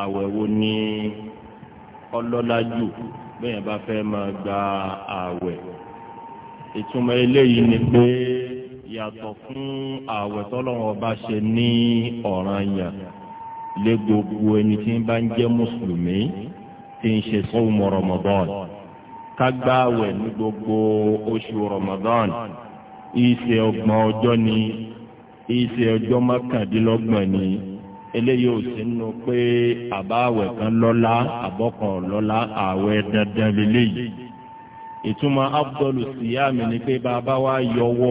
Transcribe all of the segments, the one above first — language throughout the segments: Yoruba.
àwẹ̀ wo ni ọlọ́lá jù bẹ́ẹ̀ bá fẹ́ máa gba àwẹ̀ ìtumọ̀ eléyìí ni pé yàtọ̀ fún àwẹ̀ tọ́lọ́wọ́n bá ṣe ní ọ̀ranyàn lé gbogbo ẹni tí ń bá ń jẹ́ mùsùlùmí tí ń ṣe sọ́wọ́mọ rọmọdán ká gba àwẹ̀ ní gbogbo oṣù rọmọdán ìṣe ọgbọ̀n ọjọ́ ni ìṣe ọjọ́ mọ́kàndínlọ́gbọ̀n ni eléyìí ò sí nínú pé àbáwẹ̀ kan lọ́lá àbọ̀kan lọ́lá àwẹ̀ dandan lélẹ́yìí ìtumọ̀ abdul siyami ni pé bàbá wa yọwọ́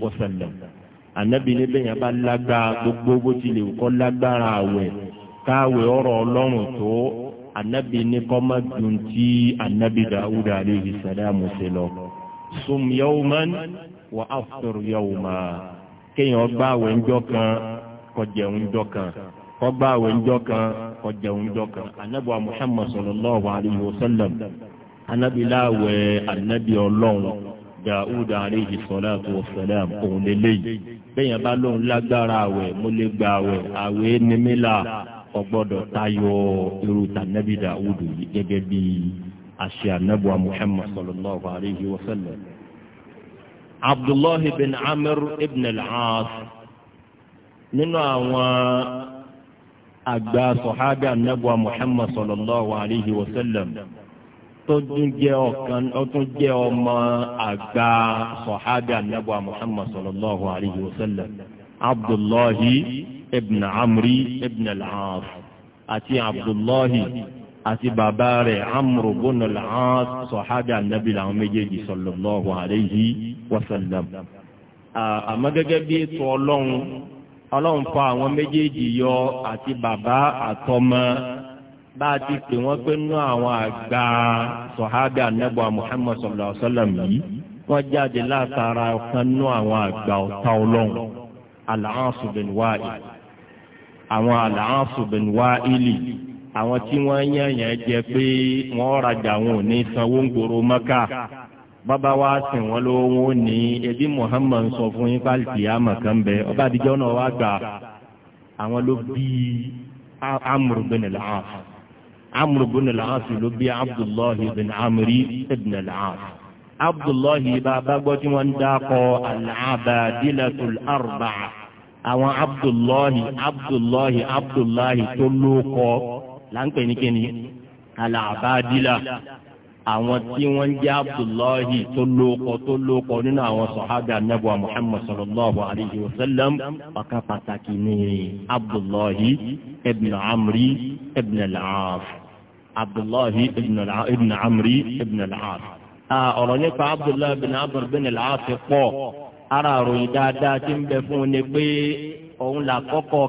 wa sallam ànábì níbẹ̀ yẹn bá lágbára gbogbo bó tilẹ̀ kọ́ lágbára àwẹ̀ káwé ọ̀rọ̀ ọlọ́run tó ànábì ní kọ́ má dùn tí ànábì dàúdà alayhi salamu ṣe lọ. sum yawman wa aftir yawman kéèyàn gbá àwẹ̀ ńjọ́ kan kó jẹun ńjọ́ kan kó gbá àwẹ̀ ńjọ́ kan kó jẹun ńjọ́ kan ànábì wa muhammad sallallahu alayhi wa sallam ànábì láwẹ̀ ànábì ọlọ́run. Dawud aleyhi salatu wa salam òun lélẹ́yìí bẹ́yẹn bá lóun lágbára àwẹ̀ mo lè gba àwẹ̀ àwẹ̀ nímílà ọgbọ́dọ̀ tayọ irú tànẹ́bí Dawud yìí gẹ́gẹ́ bí àṣẹ anábọ̀ Muhammad sallallahu aleyhi wa sallam. Abdullahi bin Amr ibn al-As nínú àwọn àgbà sọ̀hábà anábọ̀ Muhammad sallallahu aleyhi wa sallam tọ́dún jẹ́ ọ̀kan ọdún jẹ́ ọmọ àgbà sọ̀hábì anábọ̀ muhammad sallallahu alayhi wa sallam abdullahi ibn amri ibn al-aas àti abdullahi àti bàbá rẹ̀ amru ibn al-aas sọ̀hábì anábì làwọn méjèèjì sallallahu alayhi wa sallam. àmọ́ gẹ́gẹ́ bí ètò ọlọ́run ọlọ́run fa àwọn méjèèjì yọ àti bàbá àtọmọ bá a ti pè wọ́n pé nú àwọn àgbà sọ̀hábì anábọ̀ Muhammad sallallahu alaihi wasallam yìí wọ́n jáde látara ọ̀kan nú àwọn àgbà ọ̀tá ọlọ́run Al-Aas bin Wa'il àwọn Al-Aas bin Wa'ili àwọn tí wọ́n yẹ̀yẹ̀ jẹ pé wọ́n rajà wọn ò ní sanwó ńgboro Mẹ́kà bàbá wa sìn wọ́n ló wọ́n ní ẹbí Muhammad sọ fún yín pálíkì àmọ̀kan bẹ ọba àdìjọ́ náà wá gbà àwọn ló bí Amr bin amr ibn al-aas ló bí abdullahi ibn amri ibn al-aas abdullahi bàbá gbọ́ tí wọ́n ń dákọ̀ al-abadilatul arba'a àwọn abdullahi abdullahi abdullahi tó lóko là ń pè ní kíni al-abadila àwọn tí wọ́n ń jẹ́ abdullahi tó lóko tó lóko nínú àwọn sọ̀hábì anábọ̀ muhammad sallallahu alayhi wa sallam ọ̀kan pàtàkì ní abdullahi ibn amri ibn al-aaf abdullahi ibn amri ibn al-aaf. ọ̀rọ̀ nípa abdullahi ibn amri ibn al-aaf pọ̀ ara àròyìn dáadáa ti ń bẹ fún ni pé òun là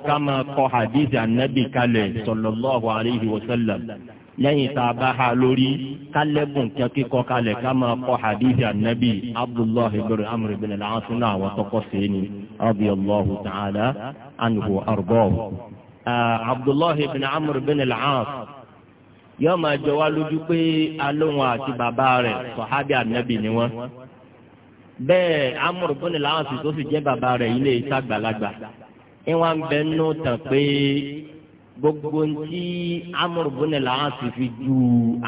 ká máa kọ hadith anabi kalẹ̀ sallallahu alayhi wa sallam. lẹ́yìn tá bá ha lórí kálẹ́bùn kí kalẹ̀ ká máa kọ́ anabi abdullahi ibn amr ibn al-as àwọn tọkọ sẹ́ni radiyallahu ta'ala anhu arbaahu. abdullahi ibn amr ibn al-as yóò máa jọ wá lójú pé alóhùn àti bàbá rẹ̀ ni wọ́n. bẹ́ẹ̀ amr ibn al-as tó sì jẹ́ bàbá rẹ̀ gbogbo ntí amúrú bó ni làá sì fi ju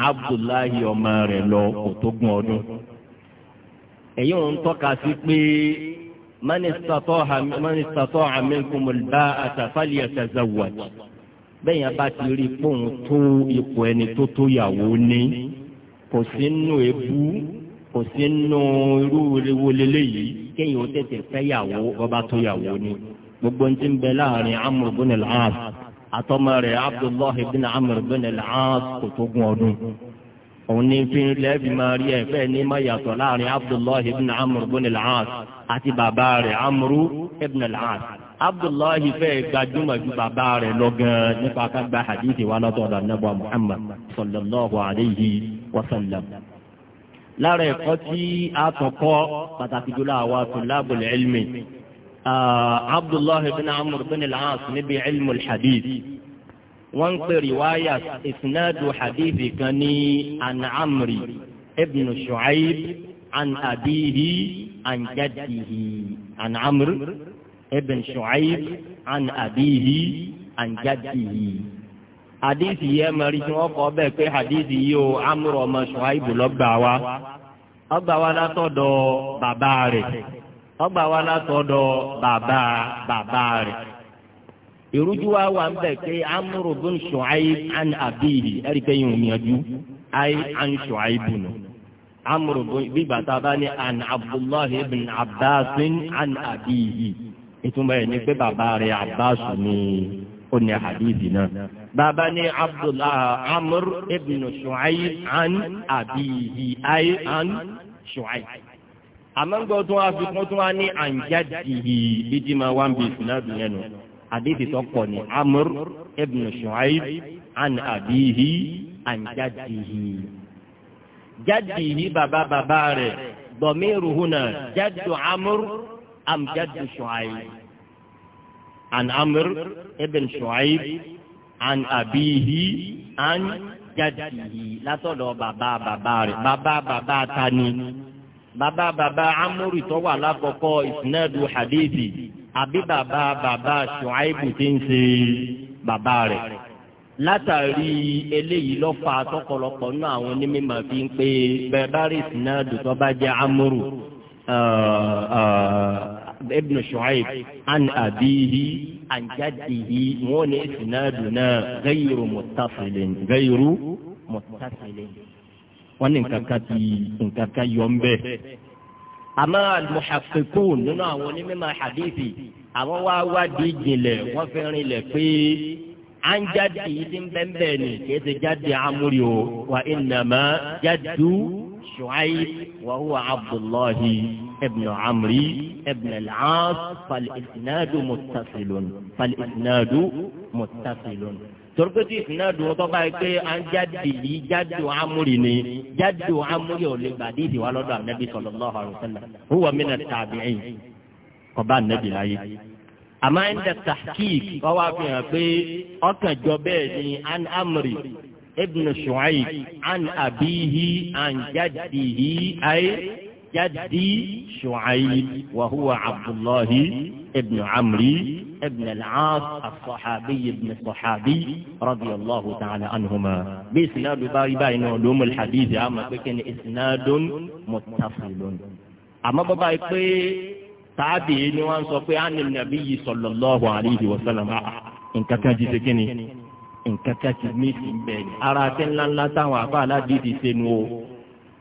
abdullahi ọmọ rẹ̀ lọ òtógun ọdún èyí ń tọ́ka sí pé mọ́nìsítàtọ́ àmínkùmùlbá àtàfàlì ẹ̀tẹ̀zẹ̀wọ̀t bẹ́ẹ̀ yẹn bá ti rí pòun tó ipò ẹni tó tó yàwó ní kò sí nù ebú kò sí nù irú wọlélẹ́ yìí kéèyàn tètè fẹ́ yàwó bọ́bá tó yàwó ní gbogbo ntí ń bẹ láàrin amúrú ni làá sì àtọmọ rẹ̀ abdullahi ibn amr ibn al-aas kò tó gún ọdún òun ní fi lẹ́ẹ̀bì máa rí ẹ̀ bẹ́ẹ̀ ní má yàtọ̀ láàrin abdullahi ibn amr ibn al-aas àti bàbá rẹ̀ amru ibn al-aas abdullahi fẹ́ gbajúmọ̀ ju bàbá rẹ̀ lọ gan-an nípa ká hadithi wa látọ̀dọ̀ anabu muhammad sallallahu alayhi wa sallam. lára ẹ̀kọ́ tí a tọ̀kọ́ pàtàkì jùlọ àwa tó lábùlẹ̀ ẹ̀lmẹ̀ abdullahi bin amr bin al-as níbi ilmu al-hadith wọ́n ń pè riwaya isnadu hadithi kan ní an amri ibn shu'aib an abihi an jaddihi an amr ibn shu'aib an abihi an jaddihi hadithi yẹn mẹ́rin tí wọ́n kọ́ bẹ́ẹ̀ pé hadithi yìí o amr ọmọ shu'aib lọ́gbà wa ọgbà wa látọ̀dọ̀ bàbá rẹ̀ ọgbà wa látọ̀dọ̀ bàbá bàbá rẹ̀ ìrújú wa wà ń bẹ̀ pé amúrò bí ń ṣùáyé an àbíyì ẹ̀rí pé yìí ń yanjú ayé an ṣùáyé bùnú amúrò bí bàtà bá ní an abdullahi ibn abbasin an àbíyì ìtumọ̀ yẹn ni pé bàbá rẹ̀ abbasu ni ó ní hadithi náà bàbá ní abdullahi amúrò ibn ṣùáyé an àbíyì ayé an ṣùáyé àmọ́ngbọ́ tún wá fi kún tún wá ní àǹjáde bí ti máa wá ń bi ìsìnàdù yẹn nù àdéhìí tó pọ̀ ní amúr ibn shuaib an abihi àǹjáde jáde yìí bàbá bàbá rẹ̀ dọ̀míìrù hùnà jáde amúr am shuaib an amúr ibn shuaib an abihi an jáde yìí látọ̀dọ̀ bàbá bàbá rẹ̀ bàbá bàbá ta ni bàbá bàbá amúrì tó wà lákọ̀ọ́kọ́ ìsìnàdù hadithi àbí bàbá bàbá ṣùáìbù tí ń ṣe bàbá rẹ̀ látàrí eléyìí lọ́fà tọkọlọpọ̀ náà àwọn onímọ̀ fi ń pé bẹ́ẹ̀ bá rí ìsìnàdù tó bá jẹ́ amúrù ibn shu'aib an abihi an jaddihi wọ́n ní ìsìnàdù náà gayru muttasilin gayru muttasilin wọ́n ní nǹkan kan ti nǹkan kan yọ ń bẹ̀. àmọ́ almuhafikun nínú àwọn onímọ̀ hadithi àwọn wá wádìí ìjìnlẹ̀ wọ́n fi rinlẹ̀ pé à ń ni kì ṣe jáde amúri o wa innama jaddu shu'aib wa huwa abdullahi ibn amri ibn al-aas fal isnadu muttasilun fal isnadu muttasilun torpétí ìsìnàdùn wọn tọ́ka yìí pé à ń jáde yìí jáde amúrì ni jáde amúrì ò lè gbàdí ìdìwà lọ́dọ̀ ànábì sallallahu alaihi wasallam huwa mina tabi'in kọba ànábì láyé. àmọ́ ẹ̀ńdà tahqiq wọ́n wá fi hàn pé ọkàn jọ bẹ́ẹ̀ ni an amri ibn shu'aib an abihi an jaddihi ayé jaddi shu'aib wa huwa abdullahi ibn amri ibn al-aas as-sahabi ibn as-sahabi radiyallahu ta'ala anhuma bí isnadu báyìí báyìí náà ló mú alhadithi àmà pé kí ni isnadun muttasilun àmọ́ bàbá yìí pé tàbí ni wọ́n sọ pé ànil nabiyyi sallallahu alayhi wa sallam nǹkan kan jí segin ni nǹkan kan ti mí sí bẹ́ẹ̀ ni ara tẹ́ ńláńlá táwọn àbá aládìí ti sẹ́nu o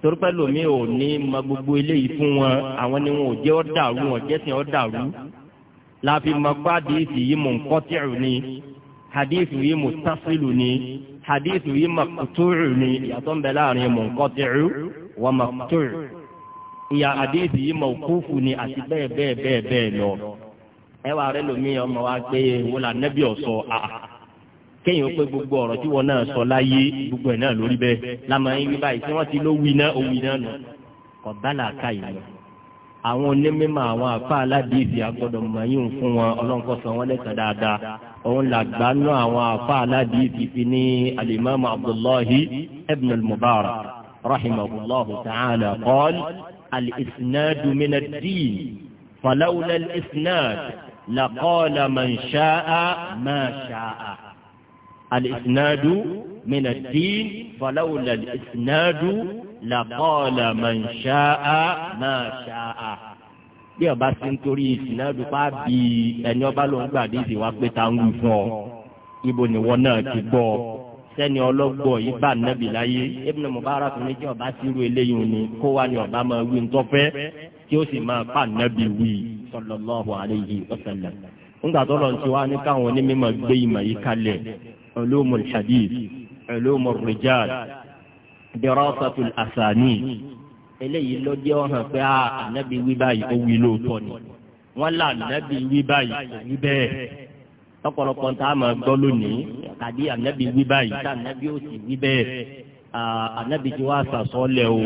torípẹ́ lomi ò ní ma gbogbo eléyìí fún wọn àwọn ni wọn ò jẹ́ ọ́ dàrú wọn jẹ́ sìn ọ́ dàrú láàfin mako hadith yìí mò ń kọ́tìrù ni hadith yìí mò tásìlù ni hadith yìí mò kùtùrù ni ìyàtọ̀ ń bẹ láàrin mò ń kọ́tìrù wà mò kùtùrù ìyà hadith yìí mò kúfù ni àti bẹ́ẹ̀ bẹ́ẹ̀ bẹ́ẹ̀ lọ ẹ rẹ lomi ọmọ wa pé wọ́n là ọ̀sọ́ àà kéèyàn pé gbogbo ọ̀rọ̀ tí wọn náà sọ láyé gbogbo ẹ̀ náà lórí bẹ́ẹ̀ lámàá yín báyìí tí wọ́n ti ló wí náà ó wí náà nù kọ̀ bá làákà yìí àwọn onímọ̀ àwọn àfa aládìsí agbọ́dọ̀ mọ̀ yín fún wọn ọlọ́nkọ́ sọ wọn lẹ́sàn dáadáa òun làgbà náà àwọn àfa aládìsí fi ní alimami abdullahi ibn mubarak rahimahullahu ta'ala qol al-isnadu min ad-din falawla al-isnad laqala man alìsínádù mina dín falawulẹ̀ alìsínádù làkọ́ọ̀lá man ṣáá máa ṣáá. bí ọba sí ń torí ìsínádù bá bí ẹni ọba ló ń gbàdí ìsìnwá pé ta ń wù fún ọ ibo nìwọ náà ti gbọ́ ọ sẹ́ni ọlọ́gbọ̀ yìí bá nẹ́bì láyé Ibn Mubarak ní kí ọba sírú eléyìí ni kó wá ní ọba máa wí ntọ́fẹ́ tí ó sì máa pa nẹ́bì wí sallallahu alayhi wa sallam. ńgbà tó lọ sí wa ní káwọn onímọ̀ gbé ìmọ̀ yìí kalẹ̀ علوم الحديث علوم الرجال دراسة الأسانيد eléyìí ló jẹ́ ọ̀hàn pé a ànábi wí báyìí ó wí lóòótọ́ ni wọ́n là ànábi wí báyìí ó wí bẹ́ẹ̀ lọ́pọ̀lọpọ̀ tá a máa gbọ́ lónìí tàbí ànábi wí báyìí tá ànábi ó sì wí bẹ́ẹ̀ ànábi tí wàá sàsọ́lẹ̀ o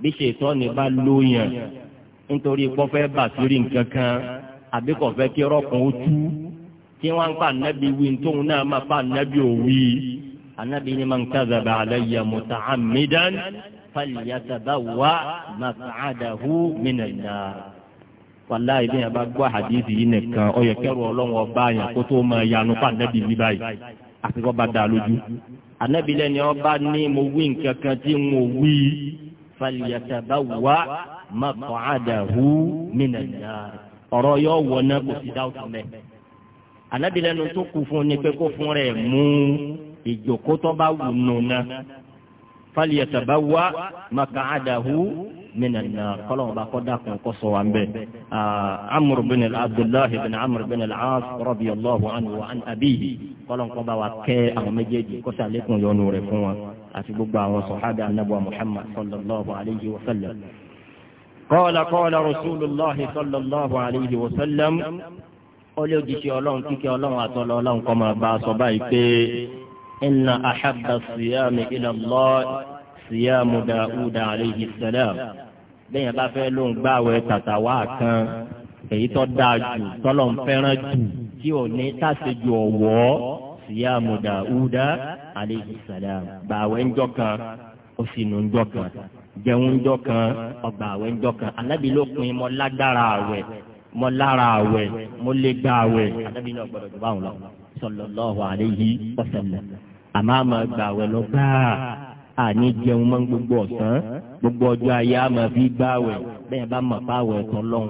bí ṣètò ni bá lóyàn nítorí pọ́fẹ́ bàtírí nǹkan àbí kọ̀fẹ́ kí rọ́kùn ó tú tí wọ́n ń pa ànábì wí tóun náà máa pa ànábì òwì ànábì ni man kadhaba alayya muta'ammidan falyatabawa maq'adahu minan nar. wàlá ibi yẹn bá gbọ́ àdìsí yìí nìkan ó yẹ kẹ́rù ọlọ́run ọba yẹn kó tó máa yanu pa ànábì wí báyìí àti kọ́ bá dà lójú. ànábì lẹ́ni ọba ní mo wí nǹkan tí mo wí falyatabawa maq'adahu minan nar. ọ̀rọ̀ yóò wọ náà kò sí dáwọ́ anábìlẹ́nu tó kù fún ni pé kó fún rẹ̀ mú ìjòkótọ́ bá wù nù náà falyatabawa maq'adahu minan nar kọlọ́n bá kọ́ dákun kọ́ sọ wa ń bẹ̀. amr bin abdullahi bin amr bin al-aas radiyallahu anhu wa an abihi kọlọ́n kọ́ bá wa kẹ́ àwọn méjèèjì kó sàlékún yọnu rẹ̀ fún wa àti gbogbo àwọn sọ̀hábì anabuwa muhammad sallallahu alayhi wa sallam. qala qala rasulillah sallallahu alayhi wa sallam ọlẹ́ òjijì ọlọ́run kíkẹ́ ọlọ́run àtọ́lọ́ ọlọ́run kọ́ máa bá a sọ báyìí pé inna ahabba siyami ila Allah siyamu Dawuda alayhi salam bẹ́ẹ̀ bá fẹ́ ló ń gbààwẹ̀ tàtàwá kan èyí tó dáa jù tọ́lọ̀ ń fẹ́ràn jù tí ò ní tàṣejù ọ̀wọ́ siyamu Dawuda alayhi salam gbààwẹ̀ ńjọ́ kan oṣù nù ńjọ́ kan jẹun ńjọ́ kan ọgbààwẹ̀ ńjọ́ kan mo lára àwẹ̀ mo lè gba àwẹ̀ ànábì náà gbọdọ̀ tó báwọn lọ sallallahu alayhi wa sallam àmọ́ àmọ́ gba àwẹ̀ lọ gbáà àní jẹun mọ́ gbogbo ọ̀sán gbogbo ọjọ́ ayé àmọ́ fi gba àwẹ̀ bẹ́ẹ̀ bá mọ̀ pa àwẹ̀ tán lọ́hùn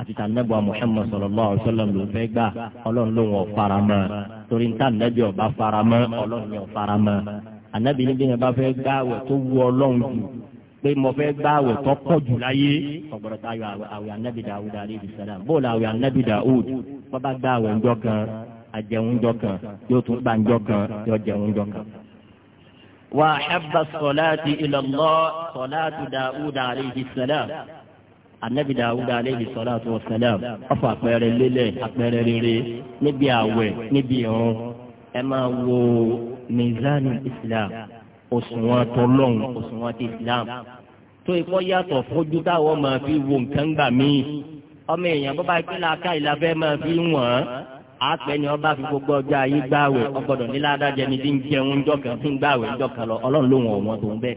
àti tànàbọ̀ Muhammad sallallahu alayhi sallam ló fẹ́ gbà ọlọ́run ló wọ̀ faramọ́ torí ní tànàbí ọba faramọ́ ọlọ́run yẹn faramọ́ ànábì níbi pé mo fẹ́ gbá àwẹ̀ tó pọ̀ jù láyé ọ̀gbọ̀dọ̀ ta yọ àwẹ̀ anabi dawud aleyhi salam bóòlù àwẹ̀ anabi dawud bàbá gbá àwẹ̀ ńjọ kan àjẹun ńjọ kan yóò tún gbà ńjọ kan yóò jẹun ńjọ kan. wà á xẹ́bà sọ̀láàtì ìlọ́lọ́ sọ̀láàtì dawud aleyhi salam anabi dawud aleyhi sọ̀láàtì wa salam ọ̀fọ̀ àpẹẹrẹ lélẹ̀ òṣùwọ̀n tọlọ́hún òṣùwọ̀n ti Islam tó ikọ́ yàtọ̀ fojú táwọn máa fi wo nǹkan gbà mí ọmọ èèyàn bó bá gbé làákà ìlàfẹ́ máa fi wọ̀n àpẹ ni ọba fi gbogbo ọjọ́ ayé gbàwẹ̀ ọgbọ́dọ̀ níláàdájẹ ni tí ń jẹun ńjọ kan tí ń gbàwẹ̀ ńjọ kan lọ ọlọ́run ló wọ̀n wọn tó ń bẹ́ẹ̀.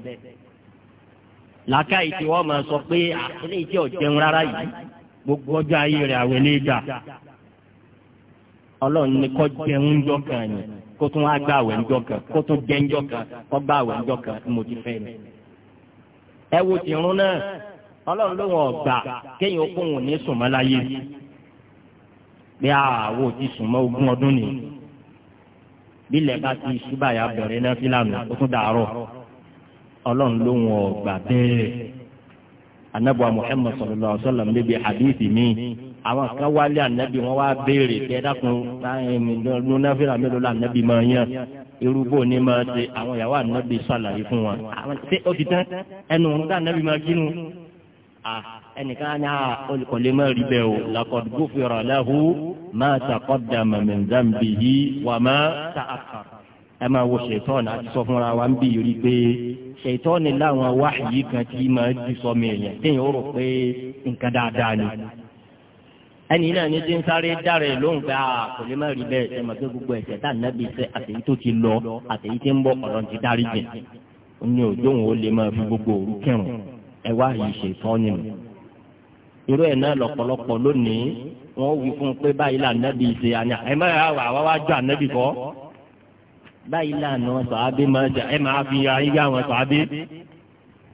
làákà ìtì wọ́n máa sọ pé àtúnlé ìtì ọ̀jẹun rárá yìí gbogbo ọjọ́ ayé rẹ̀ àwẹ̀ lé gbà ọlọ́run ni kọ́ jẹun ńjọ kan yìí kó tún wá gbà wẹ̀ ńjọ kan kó tún jẹ́ ńjọ kan kó gbà wẹ̀ ńjọ kan mo ti fẹ́ mi. ẹ wo tìrún náà ọlọ́run ló wọ̀n gbà kéèyàn kó wọn ní sùnmọ́ láyé bí àwọ̀ ti sùnmọ́ ogún ọdún nìyí bílẹ̀ bá ti ṣúbàyà bẹ̀rẹ̀ náà fílànà ó tún dàárọ̀ ọlọ́run ló wọ̀n gbà bẹ́ẹ̀ anábọ̀ Muhammad sallallahu alaihi wasallam níbi hadithi míì àwọn kan wálé ànábì wọn wá béèrè tẹ dákun lónàfẹ́rà mélòó la ànábì máa yàn irúgbó ni máa ṣe àwọn ìyàwó ànábì sàlàyé fún wọn. ṣé ó ti tán ẹnu òun ká ànábì máa kínú. ẹnìkan á ní olùkọ́lé máa rí bẹ́ẹ̀ o laqad ghufira lahu ma taqaddama min dhanbihi wa ma ta'akhkhar. ẹ máa wo ṣètọ́ọ̀nù àti sọ fúnra wa ń bì rí pé ṣètọ́ọ̀nù láwọn wáyé kan tí máa ti sọ mí ẹni náà ní ti ń sáré dára lóhùn pé ah, kò lè má rí bẹ́ẹ̀ ṣe máa pé gbogbo ẹ̀ṣẹ̀ tá ànábì ṣe àtẹ̀yí tó ti lọ àtẹ̀yí tí ń bọ̀ ọ̀rọ̀ ti dárí jẹ̀ ó ní òjò òun ó lè máa fi gbogbo òru kírun ẹ wá yìí ṣe tọ́ni mi. irú ẹ̀ náà lọ́pọ̀lọpọ̀ lónìí wọ́n wí fún un pé báyìí là ànábì ṣe àná ẹ má yà wà wá jọ ànábì kọ́ báyìí là àná sàábé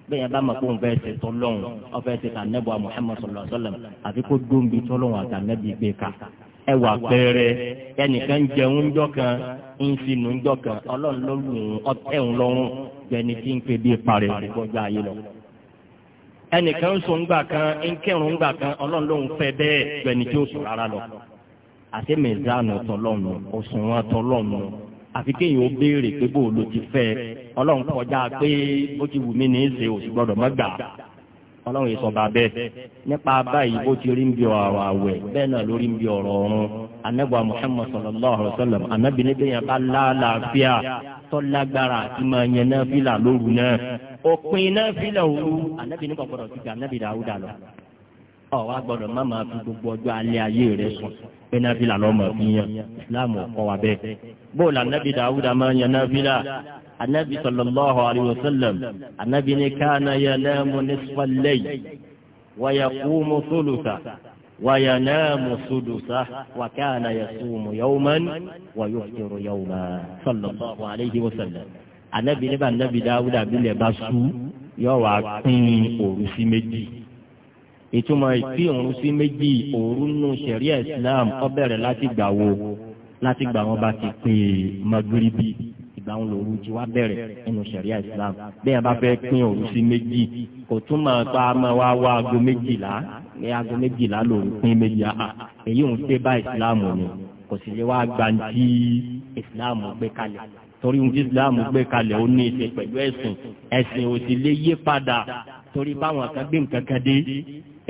bẹ́ẹ̀ yẹn bá mọ̀ pé òun fẹ́ ṣe tọ́lọ́hún ọ̀fẹ́ ṣe tà nẹ́bù Muhammad sallallahu alaihi wasallam àfi kó dóńbi tọ́lọ́hún àtànẹ́bì gbé ka ẹ wà pẹ́ẹ́rẹ́ ẹnìkan jẹun jọ kan ń sinú jọ kan ọlọ́run ló lù ún ọ̀tẹ̀hún lọ́rùn jẹni tí ń pe bí parẹ́ ìgbọ́jọ́ ayé lọ. ẹnìkan ń sùn kan ń kẹrùn gbà kan ọlọ́run ló ń fẹ́ bẹ́ẹ̀ jẹni tí ó sùn rárá lọ. àti mẹ́zánù àfi kéèyàn ó béèrè pé bó ló ti fẹ́ ọlọ́run kọjá pé bó ti wù mí ní í ṣe òsì gbọ́dọ̀ má gbà ọlọ́run ìsọba bẹ́ẹ̀ nípa báyìí bó ti rí ń bi ọ̀rọ̀ àwẹ̀ bẹ́ẹ̀ náà ló rí ń bi ọ̀rọ̀ ọ̀run anagba muhammad sallallahu alaihi wa sallam anabi ní bẹ́ẹ̀ yẹn bá láàlàáfíà tọ́lágbára àti máa yẹn náà fìlà lóru náà òpin náà fìlà òru anabi ní kọ̀kọ̀rọ̀ ti gbà anabi dàúdà ọ wá gbọ́dọ̀ má máa fi gbogbo ọjọ́ alẹ́ ayé rẹ sùn pé náfìlà lọmọ fi yan islam ọkọ wa bẹ́ẹ̀ bóòlù anabi dawud máa yan náfìlà anabi sallallahu alayhi wa sallam anabi ni káàna yanamu nisfa al-layl wa yaqumu thulutha wa yanamu sudusa wa káàna yasumu yawman wa yuftiru yawman sallallahu alayhi wa sallam anabi níbà anabi dawud abilẹ̀ bá su yọ wá pín òru méjì ìtumọ̀ ìpín òun sí méjì òru nù sẹ̀ríà islam ó bẹ̀rẹ̀ láti gbà wo láti gbà wọn bá ti pè é magiribi ìgbà wọn lòru ti wá bẹ̀rẹ̀ nínú sẹ̀ríà islam bí ẹ bá fẹ́ pín òru sí méjì kò túmọ̀ pa máa wá wá aago méjìlá ní aago méjìlá lòru pín méjì àhà èyí ń pé bá islam ni kò sì lè wá gbàǹtí islam gbé kalẹ̀ torí ohun tí islam gbé kalẹ̀ ó ní ìṣe pẹ̀lú ẹ̀sìn ẹ̀sìn ò sì lè yí padà torí báwọn kan nǹkan kan dé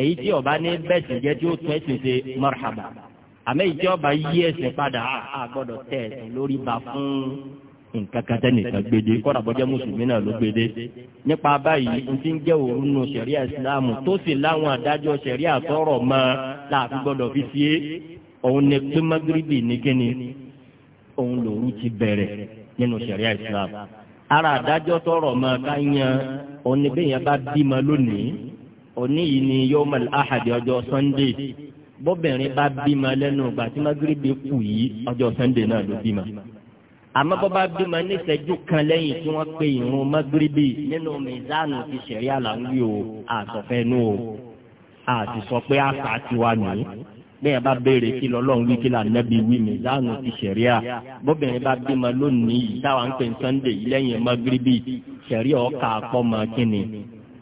èyí tí ọba ní bẹ́ẹ̀sì jẹ́ tí ó tún ẹ̀sìn ṣe marhaba àmọ́ èyí tí ọba yí ẹ̀sìn padà á gbọ́dọ̀ tẹ̀ ẹ̀sìn lórí ba fún nǹkan kan tẹ́ nìkan gbede kọ́dà bọ́jẹ́ mùsùlùmí náà ló gbede nípa báyìí n ti ń jẹ́ òru nu sẹ̀ríà ìsìláàmù tó sì láwọn adájọ́ sẹ̀ríà tọrọ̀ mọ́ láàfin gbọ́dọ̀ fi sí òun ni pé magrebi ní kíni òun lòru ti bẹ̀rẹ̀ nínú sẹ̀ríà ìsìláàmù ara adájọ́ tọrọ̀ mọ́ ká yan òun ni bẹ́ẹ̀ yẹn bá bímọ lónìí òní yìí ni yawmal ahadi ọjọ́ sunday bọ́bìnrin bá bímọ lẹ́nu ìgbà tí magrebi kù yìí ọjọ́ sunday náà ló bímọ àmọ́ bọ́ bá bímọ níṣẹ́jú kan lẹ́yìn tí wọ́n pe ìrun magrebi nínú mizanu ti ṣẹ̀ríà là ń wí o àsọfẹ́nu o àti sọ pé àṣà ti wà nù bẹ́ẹ̀ bá béèrè kí lọ́lọ́run wí kí lànàbí wí mizanu ti ṣẹ̀ríà bọ́bìnrin bá bímọ lónìí yìí táwa ń pè sunday lẹ́yìn magrebi ṣẹ̀ríà ọkà àpọ̀ kínni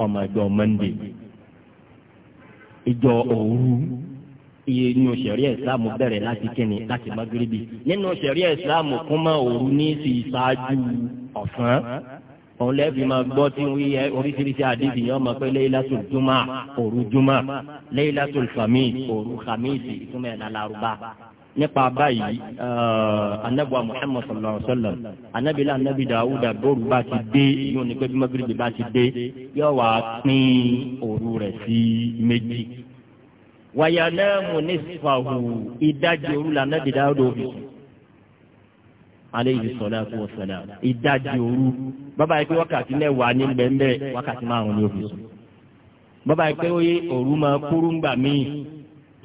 ọmọ ẹgbẹ́ ọmọ ìjọ òru iye nínú sẹ̀rí ẹ̀sìlámù bẹ̀rẹ̀ láti kíni láti magrebi nínú sẹ̀rí ẹ̀sìlámù kún mọ́ òru ní sí ìṣáájú ọ̀sán òun lẹ́ẹ̀fì máa gbọ́ tí wọ́n yẹ oríṣiríṣi àdìsí yẹn ọmọ pé laylatul juma òru juma laylatul khamis òru khamis ìtumọ̀ ẹ̀ lálárúbá nípa báyìí anabuwa eh, muhammad sallallahu alaihi wa sallam anabila anabi dawuda bóru bá ti dé yóò ní pé bí magrebi bá ti dé yóò wá pín òru rẹ̀ sí méjì wayanamu nisfahu ìdajì òru la anabi dawuda òbí aleyhi salatu wa salam ìdajì òru bàbá yìí pé wákàtí mẹ́wàá ní bẹ́ẹ̀ wákàtí márùn-ún ní òbí bàbá yìí pé òru máa kúrú ń gbà míì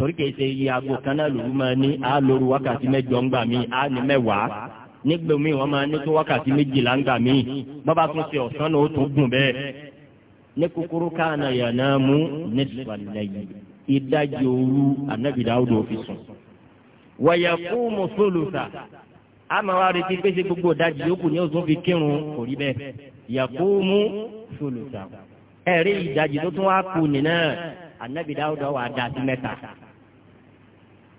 torí kìí ṣe iye aago kan náà lòlú máa ní á lóru wákàtí mẹ́jọ ń gbà mí á ní mẹ́wàá nígbà míì wọ́n máa ní tó wákàtí méjìlá ń gbà mí bábà tún ṣe ọ̀sán náà ó tún gùn bẹ́ẹ̀. ní kúkúrú káàna yàrá mú ní sàlẹ̀yìn ìdajì òru ànábì Dáúdù fi sùn. wọ̀yẹ̀ kú mùsùlùmí a máa wá retí pé ṣe gbogbo ìdajì yòókù ni ó tún fi kírun kò rí bẹ́ẹ̀ yàkú mùsùlùmí ẹ̀rí ìdajì tó tún wá kù nìyẹn ànábì Dáúdù wà dá sí mẹ́ta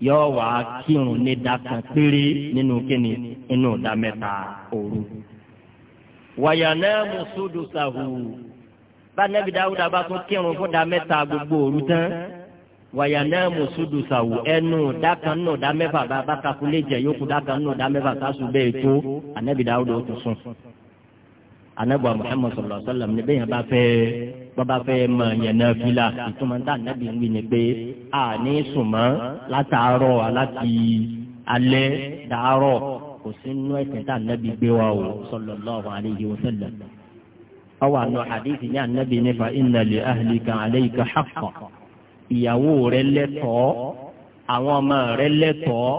yóò wá kírun ní dákan péré nínú kíni inú ìdá mẹ́ta òru. wàyànà mùsùlù sàhù bá nẹ́bí dáwúdà bá tún kírun fún ìdá mẹ́ta gbogbo òru tán wàyànà mùsùlù sàhù ẹnu dákan nù dá mẹ́fà bá bátakú lè jẹ yókù dákan nù dá mẹ́fà sásù bẹ́ẹ̀ tó ànẹ́bí dáwúdà ó tún sùn. ànẹ́bí wa Muhammad sallallahu ní bẹ́ẹ̀ yẹn bá fẹ́ẹ́ bàbá fẹ́ mọ yẹnà fìlà ìtumọ̀ tá nàbí ń wí ni pé a ní sùnmọ́ látàárọ̀ aláti alẹ́ dàárọ̀ kò sí nínú ẹ̀sìn tá nàbí gbé wa o sallallahu alayhi wa sallam. ọwọ́ àná hadithi ní ànábì nípa inna li ahlika alayka haqqan ìyàwó rẹ lẹ́tọ̀ọ́ àwọn ọmọ rẹ lẹ́tọ̀ọ́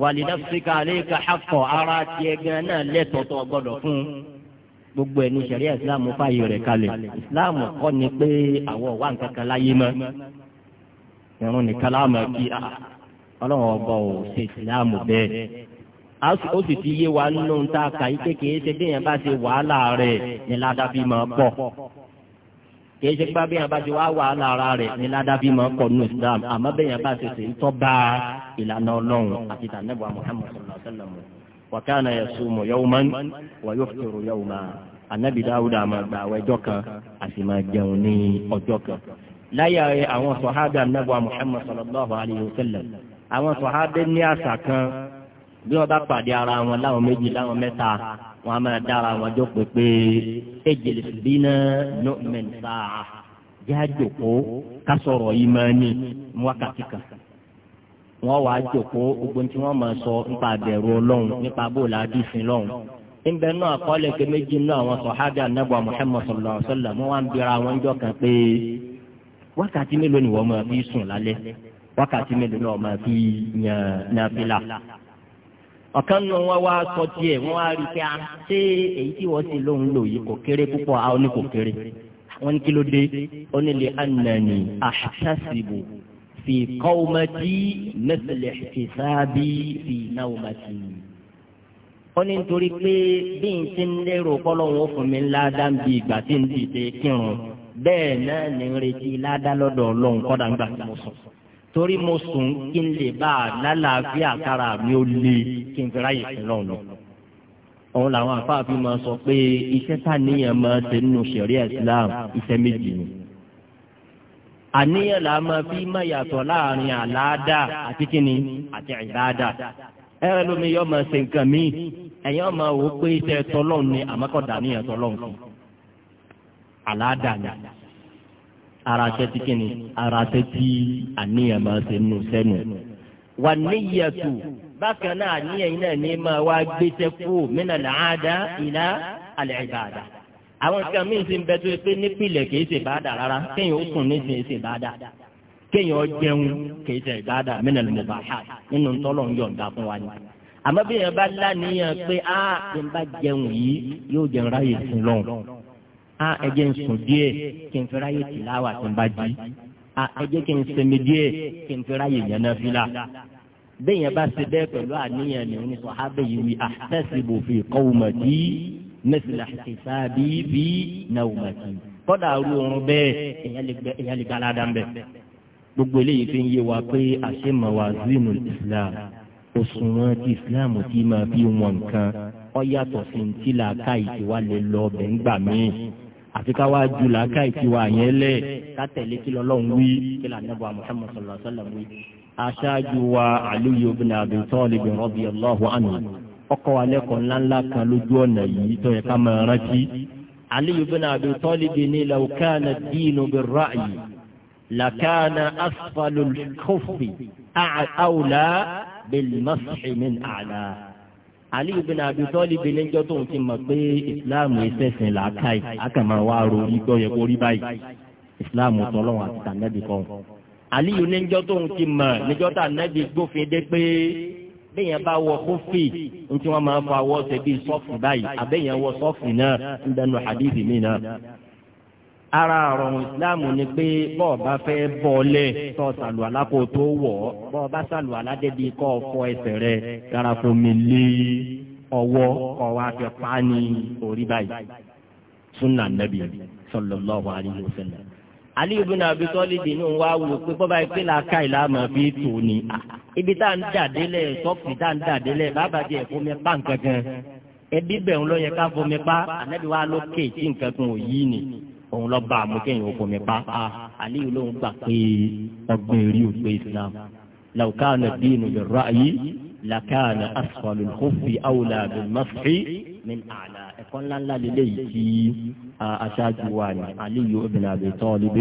wàlídàfíkà alayka haqqan ara tiẹ̀ gan náà lẹ́tọ̀ọ́ gbogbo ẹni sẹ̀ríà ìsìláàmù fààyè rẹ̀ kalẹ̀ ìsìláàmù kọ́ ni pé àwọn wà nǹkan kan láyé mọ́ ìrún nìkan láàmú kí ah, ọlọ́run ọba ò ṣe ìsìláàmù bẹ́ẹ̀ ó sì ti yé wa nínú ta kàyí pé kìí ṣe bí yẹn bá ṣe wàhálà rẹ̀ ní ládàbí máa pọ̀ kìí ṣe pé bí yẹn bá ṣe wá wàhálà ara rẹ̀ ní ládàbí máa pọ̀ nínú ìsìláàmù àmọ́ bí yẹn bá ṣe ṣe ìtọ́ wa kana yasumu yawman wa yuftiru yawman anabi dawuda máa gba àwọn ẹjọ́ kan a sì máa jẹun ní ọjọ́ kan. láyà àwọn sọ̀hábà anábọ̀ muhammad sallallahu alayhi wa sallam àwọn sọ̀hábà ní àṣà kan bí wọ́n bá pàdé ara wọn láwọn méjì láwọn mẹ́ta wọn a máa dára wọn jọ pé pé ejele bínú nu'min sáà jáde kó kásọ̀rọ̀ yìí máa ní wákàtí kan wọ́n wàá jòkó gbogbo tí wọ́n máa sọ nípa àbẹ̀rù ọlọ́run nípa bóòlù àdìsìn lọ́run. ńbẹ náà àkọọ́lẹ̀ ké méjì náà àwọn sọ̀hádà anábọ̀ Muhammad sallallahu alaihi wasallam wọ́n wá ń bira àwọn jọ kan pé wákàtí mélòó ni wọ́n máa fi sùn lálẹ́ wákàtí mélòó náà máa fi yàn nàfìlà. ọ̀kan nù wọn wá sọ tiẹ̀ wọ́n á rí pé a ah, èyí tí wọ́n ti lóun lò yìí kò kéré púpọ̀ àwọn ní kò kéré wọ́n ní kí ló dé ó ní lè ànàní àṣàṣìbò في قومتي مثل احتسابي في نومتي ó ní nítorí pé bí n ti ń lérò kọ́lọ́hún fún mi ládàá bí ìgbà tí n dìde kírun bẹ́ẹ̀ náà ní n retí ládàá lọ́dọ̀ ọlọ́run kọ́dà ńgbà tí mo sùn torí mo sùn kí n lè bá a lálàáfíà kára mi ó le kí n fi ráyè sí lọ. òun làwọn àfáàfin máa sọ pé iṣẹ́ tá níyàn máa ṣe nínú ṣẹ̀ríà Islam iṣẹ́ méjì ni. àníyàn la máa fi má yàtọ̀ láàrin àláàdá àti kíni àti Ere ẹ̀rọ lómi yọ máa ṣe nǹkan míì ẹ̀yin ọmọ wò pé iṣẹ́ ni àmọ́kọ̀dá níyàn tọlọ́run fún àláàdá ni ara ṣe ti kíni ara ṣe ti àníyàn máa ṣe nù sẹ́nu wà níyàtù bákan náà àníyàn náà ní máa wá gbéṣẹ́ kú mí nà ìlà àlẹ́ àwọn nǹkan míì sì ń bẹ tó yẹ pé nípìnlẹ̀ kì í ṣe ìbáàdà rárá kéèyàn ó kùn ní ìsìn ìsìn ìbáàdà kéèyàn ó jẹun kì í ṣe ìbáàdà minal mubahat nínú tọ́lọ̀ ń yọ̀ǹda fún wa ni. àmọ́ bí yẹn bá láníyàn pé a ti ń bá jẹun yìí yóò jẹun ráyè sùn lọ́hùn a ẹ jẹ́ ń sùn díẹ̀ kí n fi ráyè tìláwà tí ń bá jí a ẹ kí n sinmi díẹ̀ kí n fi ráyè yẹn náà fi la bẹ́ẹ̀ yẹn bá ṣe bẹ́ẹ̀ pẹ̀lú àníyàn ni mẹsìlá ìsàbí bí nàwùmàtì kọ́dà arú oorun bẹ́ẹ̀ èèyàn lè gba aládàá bẹ́ẹ̀. gbogbo eléyìí fi ń yé wa pé àṣẹ mawazinu islam òṣùwọ̀n ti islam ti máa fi wọn nǹkan ọ yàtọ̀ sí ní tí làákà ìtiwá lè lọ ọbẹ̀ ńgbà míì àfi ká wá ju làákà ìtiwá yẹn lẹ̀ ká tẹ̀lé kí lọ́lọ́run wí kí lànàbọ̀ muhammad sallallahu alayhi wa sallam wí. aṣáájú wa aliyu bin abi talib radiyallahu anhu ọkọ̀ alẹ́kọ̀ọ́ ńláńlá kan lójú ọ̀nà yìí tó yẹ ká máa rántí. Aliyu bin Abi Talib ni law kana ad-dinu bir-ra'yi lakana asfalu al-khuffi awla bil-mashi min a'la. Aliyu bin Abi Talib níjọ́ tó ti mọ̀ pé ìsìláàmù ìṣẹ̀sìn làákàyè akàmọ̀ wa ro igbó yẹ kó báyìí ìsìláàmù tọ́lọ́wọ́ àti tànẹ́bì kan. Aliyu níjọ́ tó ti mọ̀ níjọ́ tànẹ́bì gbófin dé pé bẹ́ẹ̀yẹn bá wọ kófì ntí wọ́n máa ń fa wọ́ ṣe bíi sọ́ọ̀fù báyìí àbẹ́yẹn wọ sọ́ọ̀fù náà ń bẹnu hadith mi náà. ara àrùn ìsìláàmù ni pé bọ́ọ̀ bá fẹ́ bọ́ọ̀lẹ̀ tọ́ sàlù alákò tó wọ̀ ọ́ bọ́ọ̀ bá sàlù aládébí kọ́ ọ̀fọ́ ẹsẹ̀ rẹ̀ kára mi lé ọwọ́ kọ́ wa fi pa á ní orí báyìí sunna nabi sallallahu alayhi wa sallam Aliyu bin Abi Talib ní òun wá wò pé bọ́ba ìpè làákà ìlànà fi tò ní. ibi tá à ń dàdélẹ̀ sọ́ọ̀fì tá à ń dàdélẹ̀ bàbá jẹ́ fún mi pa nǹkan kan ẹbí bẹ̀ ń lọ yẹ ká fún mi pa ànábi wa lókè tí nǹkan kan ò yí ni òun lọ bá àmú kéèyàn fún mi pa Aliyu lóun gbà pé ọgbọ́n èrí ò pé Islam law kana ad-dinu bir-ra'yi lakana asfalul khuffi ẹ̀kọ́ ńláńlá lélẹ́yìí tí aṣáájú wa ní aliyu ibn abi talib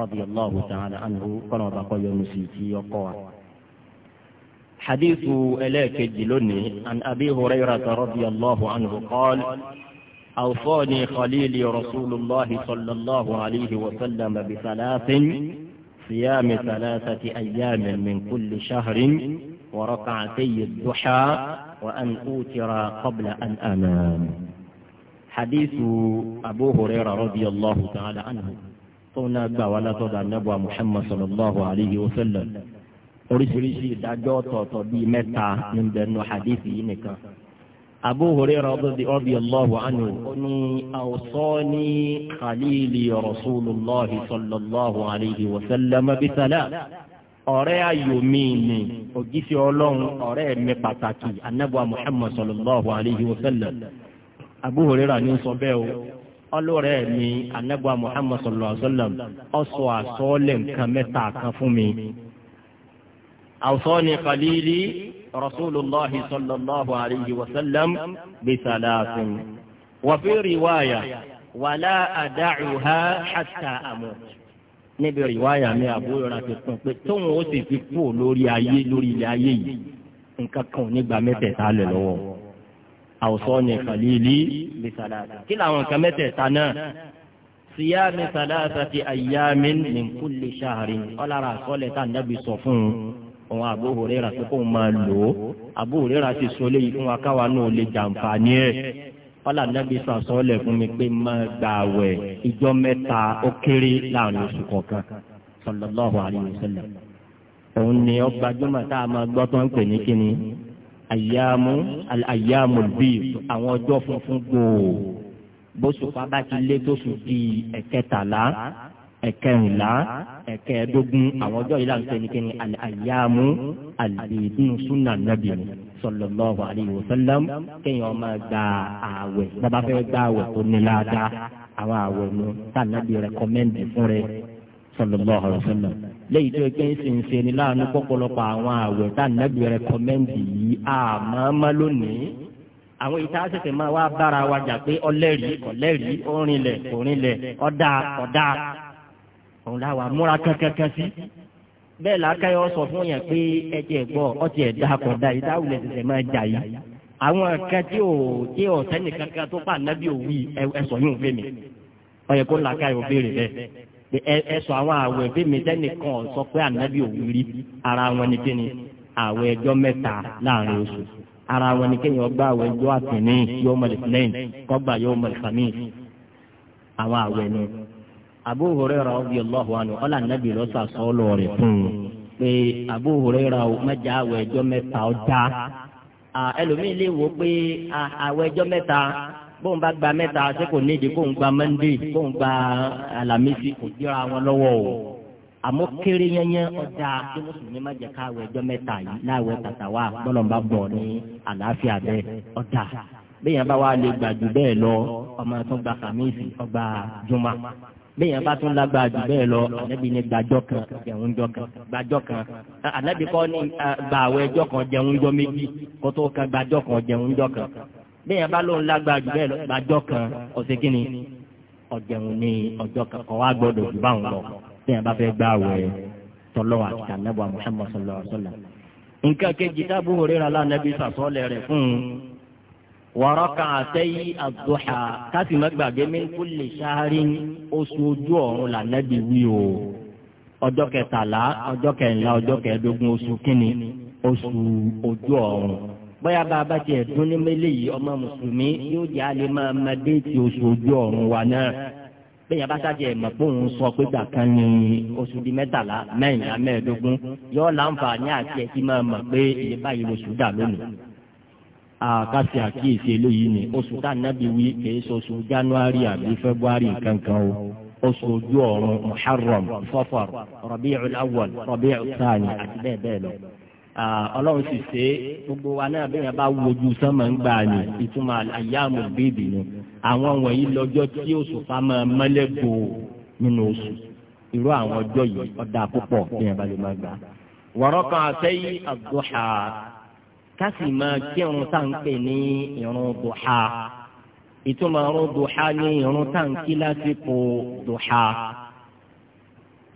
radiyallahu ta'ala anhu kọ́nà ọba kọ́ yọnu sí ti ọkọ wa. حديث إليك الدلني عن أبي هريرة رضي الله عنه قال أوصاني خليلي رسول الله صلى الله عليه وسلم بثلاث صيام ثلاثة أيام من كل شهر وركعتي الضحى وأن أوتر قبل أن أنام hadithu abu hurairah radiyallahu ta'ala anhu tó náà gbà wá látọ̀dọ̀ anábọ̀ muhammad sallallahu alayhi wa sallam oríṣiríṣi ìdájọ́ ọ̀tọ̀ọ̀tọ̀ bíi mẹ́ta ní bẹ̀rù hadithu yìí nìkan. abu hurairah radiyallahu anhu ó ní awsani khalili rasulillahi sallallahu alayhi wa sallam bisala ọ̀rẹ́ ayò mi ni òjíṣẹ́ ọlọ́run ọ̀rẹ́ mi pàtàkì anábọ̀ muhammad sallallahu alayhi wa sallam. Abu Hurairah ni ó sọ bẹ́ẹ̀ o ọlọ́rẹ́ mi anagba Muhammad sallallahu alaihi wa sallam ọsọ àsọọ́lẹ̀ nǹkan mẹ́ta kan fún mi. awsani khalili rasulillah sallallahu alaihi wa sallam bisalaasin wa fi riwaya wàlá àdáhùhá hatta amut. níbi riwaya mi Abu Hurairah ti pín pé tóun ó sì fi kú lórí ayé lórí ilé ayé yìí nǹkan kan ò mẹ́tẹ̀ẹ̀ta lẹ̀ lọ́wọ́ àwòsàn ní kàlílì bisalasa kí làwọn kan mẹ́tẹ̀ẹ̀ta náà siyami salasati ayamin min kulli shahrin ọlára àsọlẹ̀ tá nàbì sọ fún òun Abu Hurairah tó kó máa lò ó Abu Hurairah ti sọ léyìí fún wa káwa náà lè jàǹfààní ẹ̀ ọlà nàbì sọ fún mi pé máa gbà wẹ̀ ìjọ mẹ́ta ó kéré láàrin oṣù kọ̀ọ̀kan sallallahu alayhi wa sallam òun ni ọgbà jùmọ̀ tá a máa gbọ́ àyàmú àyàmú bíi àwọn ọjọ́ funfun gbòò bóṣùpá bá ti lé tóṣù di ẹ̀kẹtàlá ẹ̀kẹrìnlá ẹ̀kẹẹ̀dógún àwọn ọjọ́ yìí là ń pè ní kíni àyàmú àlèédún súnà nàbì sallallahu alayhi wa sallam kéèyàn máa gba ààwẹ̀ bàbá fẹ́ gba ààwẹ̀ tó ní láadáa àwọn ààwẹ̀ nu tá nàbì rẹ̀ kọ́mẹ́ǹdì fún rẹ̀ sallallahu alayhi wa lẹ́yìn tó kẹ́ ń sèǹsẹ̀ ní láàánú pọ̀pọ̀lọpọ̀ àwọn àwẹ̀ tá nàbì rẹ̀kọ́mẹ́ǹdì yìí àmọ́ lónìí àwọn ìta sẹ̀sẹ̀ máa wá bára wa jà pé ọlẹ́rìí ọlẹ́rìí orinlẹ̀ orinlẹ̀ ọ̀dà ọ̀dà òun láwa múra kankankan sí. bẹ́ẹ̀ làákàyọ̀ sọ fún yẹn pé ẹtì ẹ̀gbọ́ ọtí ẹ̀dá kọ̀dá ìta wulẹ̀ sẹ̀sẹ̀ máa jà yìí. àwọn kan tí ò tí ò sẹ́nìkankan tó pa nábì òwì ẹ̀sọ̀ yóò fẹ́ mi ọ̀yẹ̀kọ́ làákàyọ̀ béèrè bẹ́ẹ̀. ẹ sọ àwọn àwẹ̀ bí mi sọ pé ànábì òwúrí ara wọn ni kí ni àwẹ̀ ẹjọ́ mẹ́ta láàrin oṣù ara wọn ni kéèyàn gbà àwẹ̀ ẹjọ́ àtìní yóò mọ̀lẹ̀ lẹ́yìn kọ́gbà yóò mọ̀lẹ̀ fàmí àwọn àwẹ̀ ni. Abu Hurairah radiyallahu ànábì rẹ̀ fún un pé Abu Hurairah mẹ́jà àwẹ̀ ẹjọ mẹ́ta ọjà ẹlòmíì lè wò pé àwẹ̀ ẹjọ́ bóun bá gba mẹ́ta ṣé kò ní ìdí kóun gba monday kóun gba alamisi kò díra wọn lọ́wọ́ o àmọ́ kéré yẹnyẹn ọjà kí mùsùlùmí má jẹ káwé ẹjọ́ mẹ́ta yìí láwẹ̀ tàtà wá bọ́lọ̀ bá bọ̀ ní àlàáfíà bẹ́ẹ̀ ọjà bẹ́ẹ̀ bá wà lè gbàjú bẹ́ẹ̀ lọ ọmọ tó gba kàmíìsì ọgbà jùmọ̀ bẹ́ẹ̀ bá tún lágbàá jù bẹ́ẹ̀ lọ ànábì ní gbàjọ́ kan jẹun jọ kan gbàjọ́ kan ànábì kọ́ ní gbàwẹ̀ ẹjọ́ kan jẹun jọ méjì kó kan gbàjọ́ kan jẹun jọ kan bẹ́ẹ̀ yẹn bá lóun lágbára jù bẹ́ẹ̀ lọ́jọ́ kan ọ̀sẹ̀ kínní ọ̀jẹ̀hún ní ọjọ́ kan kọ́ wá gbọ́dọ̀ jù báwọn lọ bẹ́ẹ̀ yẹn bá fẹ́ gbá àwẹ̀ tọ́lọ́wọ́ àti ànábọ̀ Muhammad sallallahu alaihi wasallam. nǹkan kejì tábù òrera lánàbí sàsọ́ọ̀lẹ̀ rẹ̀ fún un wàrọ́kà àtẹ́yí àdùhà káfí mẹ́gbàgbé min kulli shahrin oṣù ojú ọ̀run lànàbí wí o ọjọ́ kẹtàlá ọjọ́ kẹrìnlá ọjọ́ kẹẹ̀ẹ́dógún oṣù kínní oṣù ojú ọ̀run bóyá bá a bá tiẹ̀ dún ní mélé yìí ọmọ mùsùlùmí yóò jẹ́ alẹ́ máa ma déètì oṣù ojú ọ̀run wa náà bẹ́ẹ̀ bá sáà tiẹ̀ mọ̀ pé òun sọ pé gbà ni oṣù di mẹ́tàlá mẹ́rìnlá mẹ́ẹ̀ẹ́dógún yóò láǹfààní àti ẹtí máa mọ̀ pé iye báyìí lóṣù dà lónìí. àkàṣe àkíyèsí eléyìí ni oṣù tá nábì wí kankan o oṣù ojú ọ̀run muharram safar àti bẹ́ẹ̀ bẹ́ẹ̀ lọ. ọlọ́run sì ṣe gbogbo wa náà bẹ́ẹ̀ bá wojú sánmà ń gbà ní ìtumọ̀ àyàmù bèbè ni àwọn wọ̀nyí lọ́jọ́ tí òṣùpá máa mọ́lẹ̀ gbòò nínú oṣù irú àwọn ọjọ́ yìí ọ̀dà púpọ̀ bẹ́ẹ̀ bá lè máa gbà. wọ̀rọ̀ kan àtẹ́yí àdùhà kásì máa kírun tá à ń pè ní ìrun dùhà ìtumọ̀ ìrun dùhà ní ìrun tá à ń kí lásìkò dùhà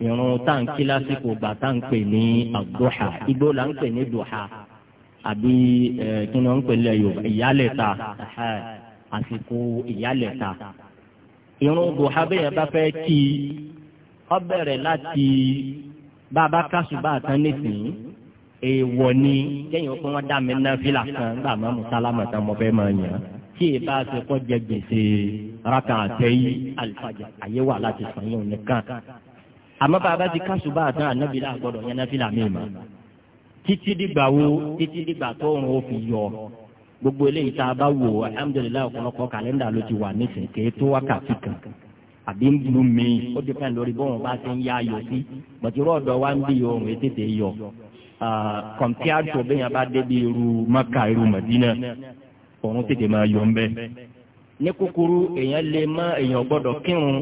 ìrun tá à ń kí lásìkò gbà tá à ń pè ní àdúhà igbó là ń pè ní dùhà àbí kí ni wọ́n ń pè lẹ́ yorùbá ìyálẹ̀ta àsìkò ìyálẹ̀ta ìrun dùhà bẹ́ẹ̀ bá fẹ́ kí ọ bẹ̀rẹ̀ láti bàbá kásùbà tán nísìnyí èèwọ̀ ni kéèyàn kó wọ́n dá mi ná fílà kan gbà má mùsálámà tán mo fẹ́ máa yàn tí ì bá ṣe kọ́ jẹ gbèsè rákà àtẹ́yí àlùfáàjà àyè wà láti sàn yóò nìkan àmọ́ bàbá ti kásùbà àtàn ànábìlà àgbọ̀dọ̀ yẹn náfìlà míì mọ́ títí dìgbà wo títí dìgbà tó ń ro fi yọ gbogbo eléyìí tá a bá wò alhamdulilayi ọ̀pọ̀lọpọ̀ kàlẹ́ndà ló ti wà nísìnyí kéé tó wákàtí kan àbí ń lu mi ó dìpẹ́ lórí bóun bá ti ń yá ayọ̀ sí bọ̀tírọ̀ ọ̀dọ̀ wa ń bí oòrùn ètètè yọ kọ̀mpiátò bẹ́yẹn bá débi irú maka irú mọ̀dínà òun tètè máa yọ ń bẹ́ẹ̀ ní kúkúrú èèyàn lè mọ èèyàn gbọ́dọ̀ kírun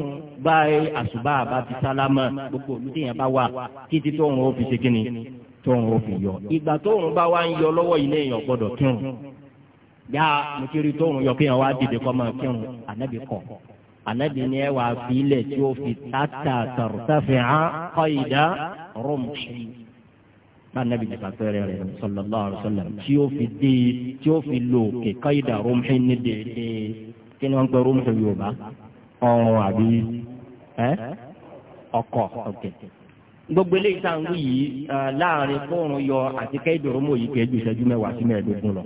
báyìí àṣùbà àbáfi sálámà gbogbo olùdí yẹn bá wà títí tó òun ó fi ṣe kíni tó òun ó fi yọ ìgbà tó òun bá wá ń yọ lọ́wọ́ ilé èèyàn gbọ́dọ̀ kírun yá mo kiri tó òun yọ kéèyàn wá dìde kọ́ máa kírun ànábì kọ̀ ànábì ni ẹ wàá fi ilẹ̀ tí ó fi tata tàrútàfẹ́ hàn kọ́ ìdá rọ́mùsì anabi jẹ fàfẹrẹ rẹ sallallahu alaihi wasallam tí ó fi dé tí ó fi lo kẹkọ ìdá rọmùsì ní déédéé kí ni wọ́n ń pẹ́ rúmù yorùbá ọrùn àbí ọkọ̀ ọ̀kẹ́. gbogbo eléyìí tá à ń wí yìí láàrin fóònù yọ àti kẹ́hìndòrò mọ̀ yìí kẹ́hìndò ìṣẹ́jú mẹ́wàá sí mẹ́ẹ̀ẹ́dógún lọ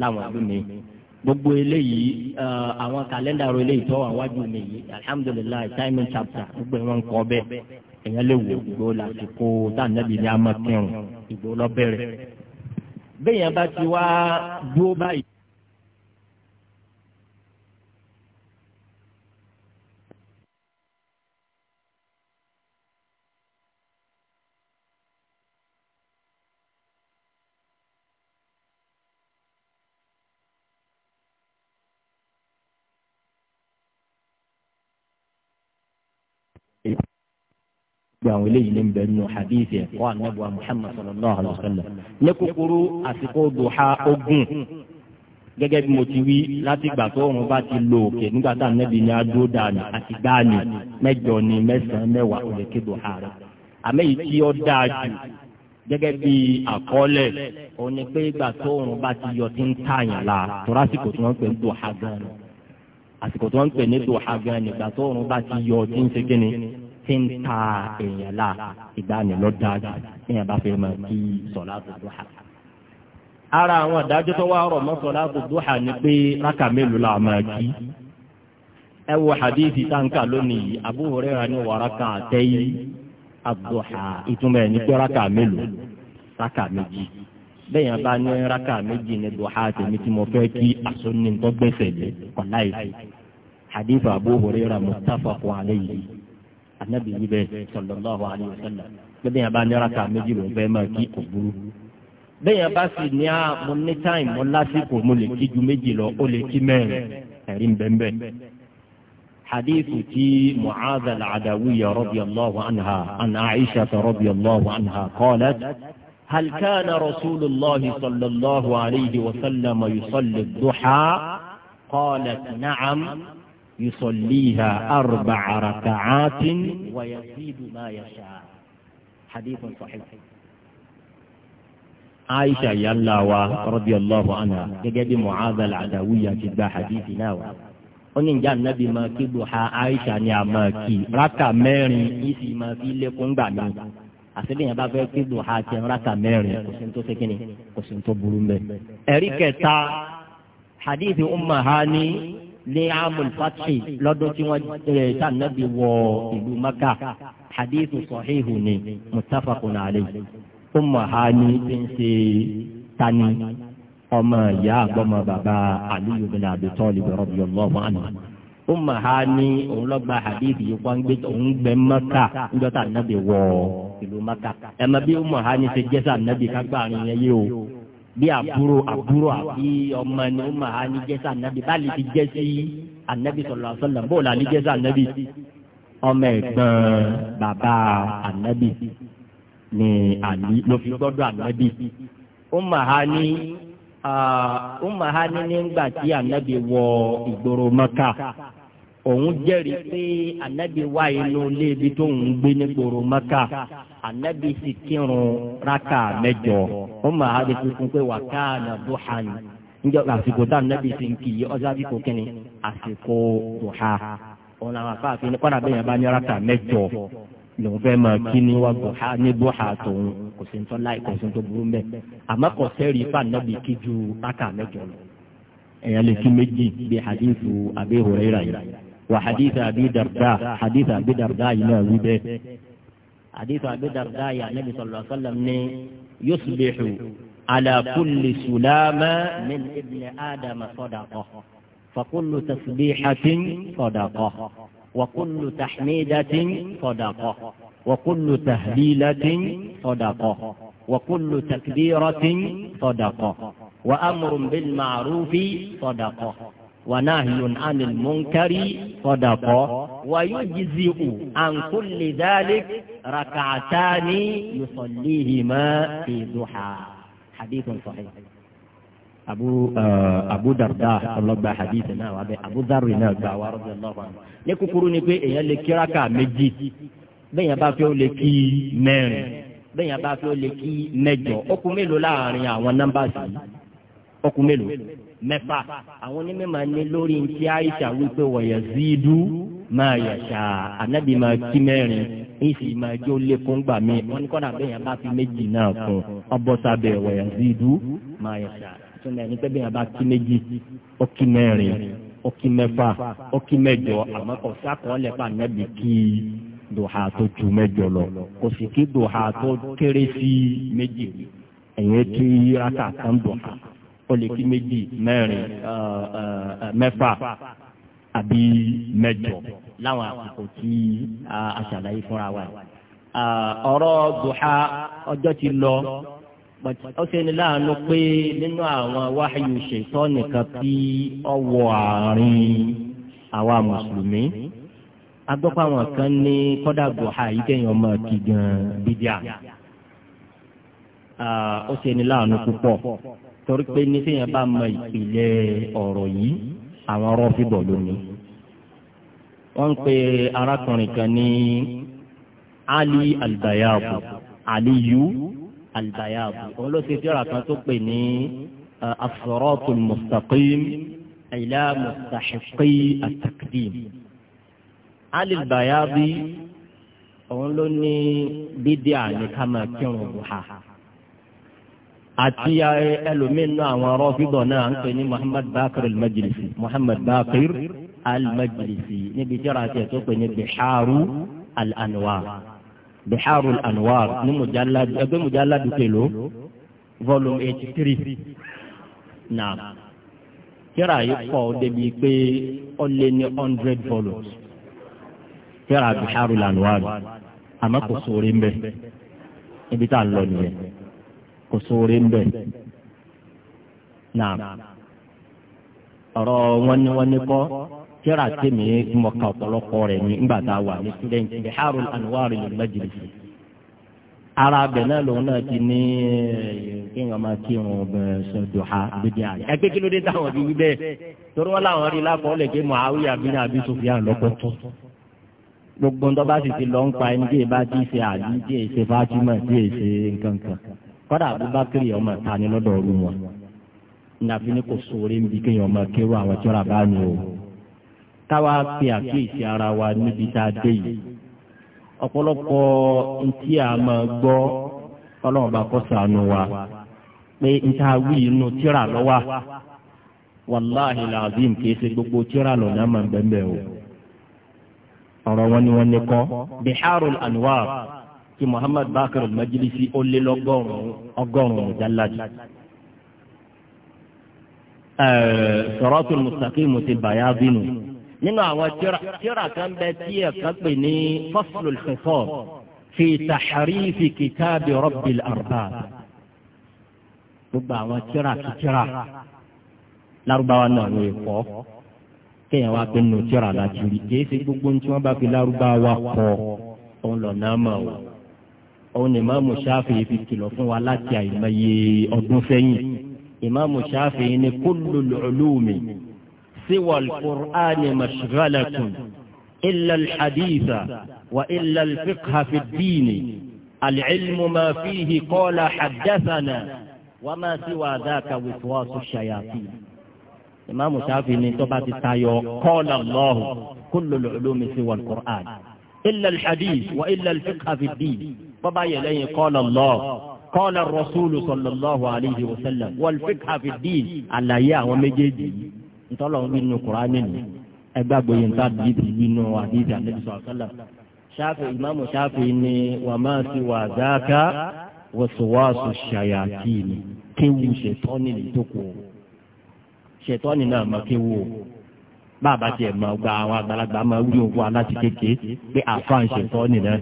láwọn ìlú mi gbogbo eléyìí àwọn kàlẹ́ndà rẹ eléyìí tó wà wájú mi yìí alihamudulilayi time chapter gbogbo wọn ń kọ́ bẹ́ẹ̀ èèyàn lè wò gbogbo lásìkò tànàbí ní amakẹ́rùn ìgbò lọ́bẹ̀rẹ̀ bẹ́ẹ̀ yẹn bá ti wá dúró báyìí. àwọn eléyìí ní bẹ́ẹ̀ nù hadith ẹ̀ kọ́ anábọ̀ muhammad sallallahu alayhi wa sallam. ní kúkúrú àsìkò duha ogun gẹ́gẹ́ bí mo ti wí láti gbà tó òun bá ti lo òkè nígbà tá ànábì ní adó dànù àti gbáàni mẹ́jọ ni mẹ́sàn-án mẹ́wàá òun kí duha rẹ̀. àmẹ́yìí tí ó dáa jù gẹ́gẹ́ bí àkọọ́lẹ̀ òun pé ìgbà tó òun bá ti yọ ti ń tààyàn la tọ́ra àsìkò tí wọ́n pè ní duha gan àsìkò tí wọ́n pè ní duha gan nígbà tó òun bá ti yọ ti ń ṣe kíni tí ń ta èèyàn la ìdánilọ́dá èèyàn bá fẹ́ máa kí sọ̀lá duha. ara àwọn àdájọ́ tó wá rọ̀ mọ́ sọ̀lá duha ni pé rákà mélòó la máa kí. ẹ wo hadithi táǹkà lónìí Abu Hurairah ní wa rak'atay ad-duha ìtumọ̀ ẹ̀ ní pé rákà mélòó rákà méjì bẹ́ẹ̀ yẹn bá ní rákà méjì ní tèmi tí mo fẹ́ kí anabi yìí bẹ́ẹ̀ sallallahu alayhi wa sallam bẹ́ẹ̀ yẹn bá ní raka méjì ló ń fẹ́ máa kí kò burú bẹ́ẹ̀ yẹn bá sì ní a ah, mo ní táìmù mo lásìkò mo lè kí ju méjì lọ ó lè kí mẹ́rin ẹ̀rí ń bẹ́ẹ̀ bẹ́ẹ̀ hadithu ti mu'adha al-adawiyya radiyallahu anha an aisha radiyallahu anha qalat hal kana rasulillah sallallahu alayhi wa sallam yusalli duha qalat na'am. يصليها أربع ركعات ويزيد ما يشاء حديث صحيح عائشة يلا رضي الله عنها كجد معاذ العدوية جدا حديثنا oní ìjà nàbì máa kí duha aisha ni a máa kí raka mẹ́rin isi máa fi lékún gbà mí àfẹ́lẹ́yìn bá fẹ́ kí duha ti raka mẹ́rin kò sí tó burú mbẹ. ẹ̀rí kẹta hadithi umma hani ní amul fathi lọ́dún tí wọ́n ẹ̀ eh, tànàbí wọ ìlú maka hadithu sahihu ni muttafaqun alayhi umma hani ti ń ṣe tani ọmọ ìyá àgbọmọ bàbá aliyu bin abi talib radiyallahu anhu umma hani òun lọ gba hadithu yìí wọn gbé òun gbẹ maka níjọ́ tànàbí wọ ìlú maka ẹ̀ mọ bí umma hani ṣe jẹ́ sànàbí kágbá àrùn yẹn yìí o. bí àbúrò àbúrò àbí ọmọ ẹni ó máa ní jẹ́sí ànábì bá lè jẹ́ sí ànábì sallallahu alaihi wasallam bóòlù ọmọ ẹ̀gbọ́n bàbá anabi ni àní ló fi gbọ́dọ̀ anabi, ó máa ní ó máa nígbà tí wọ ìgboro Mẹ́kà. òun jẹ́rìí pé anabi wá inú ilé ibi tó ń gbé ní maka anabi sì kírun raka mẹ́jọ wọn máa ha lè tuntun pé wà na duha ni níjọ àsìkò tá anabi sì ń kì í ọjọ́ kò kínní àsìkò duha òun làwọn afáàfin ní kọ́nà bá ní raka mẹ́jọ lòun fẹ́ máa kí duha ní duha tòun kò sí láì kò sí burú àmọ́ kò sẹ́rìí fún anabi kí ju raka lọ lè méjì وحديث أبي درداء حديث أبي درداء ينوي حديث أبي درداء يا النبي صلى الله عليه وسلم يصبح على كل سلامة من ابن آدم صدقة فكل تسبيحة صدقة وكل تحميدة صدقة وكل تهليلة صدقة وكل تكبيرة صدقة وأمر بالمعروف صدقة ونهي عن المنكر صدقة ويجزئ عن كل ذلك ركعتان يصليهما في ضحى حديث صحيح abu uh, abu darda ọlọgba hadith náà wà bẹ abu darri náà gba wa rọbì ọlọgba ní kúkúrú ni pé èèyàn lè kí raka méjì bẹ́ẹ̀yàn bá fẹ́ ó lè kí mẹ́rin bẹ́ẹ̀yàn bá fẹ́ ó lè kí mẹ́jọ ó kú mélòó láàrin àwọn nọ́mbà sí i ọkùn mélòó mẹ́fà àwọn onímọ̀ ní lórí ti àyíṣà wípé wọ̀yà zídú máa yàṣà ànábì máa kí mẹ́rin ìsì máa jó lékún gbà mí wọn ní kọ́nà bẹ́ẹ̀ yẹn bá fi méjì náà kún ọbọ̀sàbẹ̀ wọ̀yà zídú máa yàṣà túnbẹ̀ ní pẹ́bí yẹn bá kí méjì ó kí mẹ́rin ó kí mẹ́fà ó kí mẹ́jọ àmọ́ kò sákọọ́lẹ̀ pa ànábì kí dùhà tó ju mẹ́jọ lọ kò sì kí dùhà tó kéré sí méjì ẹ̀yìn kí rákà kan dùhà ó lè kí méjì mẹ́rin mẹ́fà àbí mẹ́jọ láwọn àsìkò tí a ṣàlàyé fúnra wa ọ̀rọ̀ duha ọjọ́ ti lọ ó ṣe ní láàánú pé nínú àwọn wáhíù ṣètọ́ nìkan tí ó wọ àárín àwa mùsùlùmí agbọ́pọ̀ àwọn kan ní kọ́dà duha yìí kéèyàn máa kí gan bídíà ó ṣe ní láàánú púpọ̀ torí pé ní sèyàn bá mọ ìpìlẹ̀ ọ̀rọ̀ yìí àwọn rọ́fìbọ̀ lónìí. wọ́n ń pe arákùnrin kan ní ali albayabu aliyu albayabu òun ló ṣe fíọ́ra kan tó pè ní asọ́rọ́tò mustaqim ilá mustahiqi atakdim. ali albayabu òun ló ní bídíà ní ká kírun buha àti ẹlòmínú àwọn rọ́fídọ̀ náà ń pè ní muhammad bakir al-majlisi muhammad bakir al-majlisi níbi jẹ́ra tiẹ̀ tó pè ní biharu al-anwar biharu al-anwar ní mujalladu ẹgbẹ́ mujalladu kelo volume eighty three naam jẹ́ra yìí kọ́ débi pé ó lé ní hundred volumes jẹ́ra biharu al-anwar àmọ́ kò sóore ń bẹ ibi tá à lọ nìyẹn. kò sóore ń ọrọ ọ̀rọ̀ wọn ni tèmi mọ̀ká ọ̀pọ̀lọpọ̀ rẹ̀ ní ńgbà wa, wà ní student Biharul Anwar lil Majlisi. Ara abẹ náà lòun náà ti ní eh, kí wọn ha gbẹdẹ àlẹ. kí ló dé táwọn wí torí wọn rí sì ti lọ ń pa ẹni ti ṣe ṣe Fatima ṣe kọ́dà abubakar yẹn ọmọ ta ni lọ́dọ̀ ọ̀run wọn nàfi ni kò sóore ń bi kéèyàn ọmọ kéwà bá o táwa pe àkíyèsí ara wa níbi tá a dé yìí ọ̀pọ̀lọpọ̀ ntí a máa gbọ́ ọlọ́run bá kọ́ sànù wa pé nta wí inú tíra lọ́wọ́ wàláhì làzim kìí ṣe gbogbo tíra lọ́nà máa o ọ̀rọ̀ wọn ni wọ́n ní kọ́ anwar. ti Muhammad Bakr al-Majlisi ó lé lọ́gọ́rùn-ún ọgọ́rùn-ún jáládì. Siratul Mustaqim ti Bayabi nù. nínú àwọn tíra kan bẹ tí ẹ̀ka pè ní Faslul Khisab fi tahrifi kitabi Rabbil Arbab. gbogbo àwọn tíra kí tíra lárúbáwá náà ló yẹ kéèyàn wá pé nù tíra láti rí gbogbo ní bá fi lárúbáwá kọ́ òun lọ náà mọ̀ ọ́ òun ni Imam Shafi'i fi kìlọ̀ fún wa láti àìmọye ọdún sẹ́yìn Imam Shafi'i ni kullul ulumi siwal qur'ani mashghalatun illa al-haditha wa illa al-fiqha fi ad-din al-ilmu ma fihi qala haddathana wa ma siwa dhaka wiswasu shayatin. Imam Shafi'i ni tó bá ti tayọ qala Allah kullul ulumi siwal qur'an illa al wa illa al fi ad bọ́bá yẹ lẹ́yìn kọ́lọ̀ lọ kọ́lọ̀ rọ́súlù sọ̀lọ́lọ́hu alayhi wa sallam wọ́lfik hafidin àlàyé àwọn méjèèjì ntọ́lọ̀ nínú kuraani ni ẹgbẹ́ àgbòye nta bíbí nínú àdìsí àdìsí sọ̀lọ́lọ́ ṣáfì ìmáàmù ṣáfì ni wà máa fi wà dáká wọ́sowọ́sọ ṣàyàtì ni kéwu ṣètọ́ni lè tókò ṣètọ́ni náà máa kéwu o bàbá tiẹ̀ máa gba àwọn àgbàlagbà máa wí òkú aláti kéke pé àfa ń ṣètọ́ni náà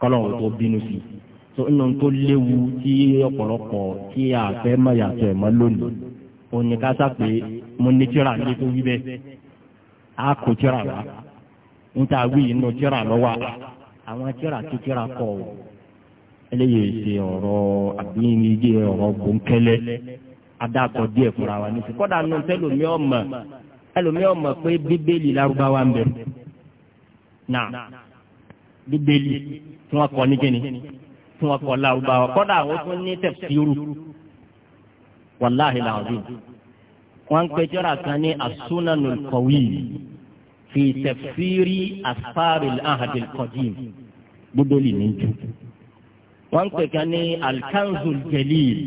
kọ́lọ́wọ́ tó bínú sí tó nà tó léwu tí ọ̀pọ̀lọpọ̀ tí a fẹ́ mọ̀ yàtọ̀ ẹ̀ mọ́ lónìí òní ká sá pé mo ní tíra ní tó wí bẹ́ẹ̀ á kó tíra wá níta wí inú tíra lọ́wọ́ àwọn tíra tó tíra kọ̀ ọ́ eléyìí ṣe ọ̀rọ̀ àbí ọ̀rọ̀ gbòǹkẹ́lẹ́ adakọ díẹ̀ fúnra wa ní kọ́dà nù tẹ́lómi ọmọ ẹlòmí ọmọ pé bíbélì lárúbáwá ń bẹ̀rù náà bíbélì tí wọ́n kọ ní kíni tí wọ́n kọ lárúbáwá kọ́dà àwọn tó ní tẹ̀síìrù wàláhì làwọn wọ́n ń pẹ́jọ́ra kan ní asúnanul qawiy fi tẹ̀síìrì asfaril ahadil qadim bíbélì ní jù wọ́n ń pẹ́ kan ní alkanzul jalil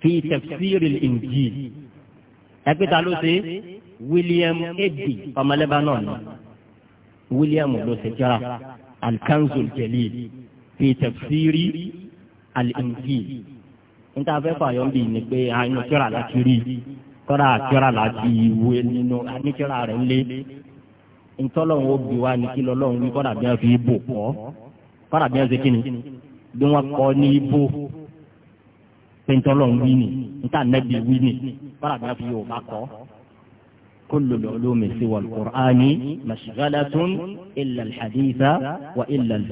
fi tẹ̀síìrì injil ẹgbẹ́ ta ló ṣe William Eddy ọmọ Lebanon William ló ṣe jọra alkanzul jalil fi tafsiri al-injil níta fẹ́ fàyọ̀ bíi ni pé àyìn kíra láti rí kọ́ra kíra láti ìwé nínú àníkíra rẹ̀ ń lé ntọ́lọ́hún ó bi wá ní kí lọ́lọ́hún wí kọ́ra bí wọ́n fi ibò kọ́ kọ́ra bí wọ́n ṣe kíni bí wọ́n kọ́ ní ibò pé ntọ́lọ́hún wí ni níta nẹ́bi wí ni kọ́ra bí wọ́n fi yóò bá kọ́. كل العلوم سوى القرآن مشغلة إلا الحديث وإلا الفقه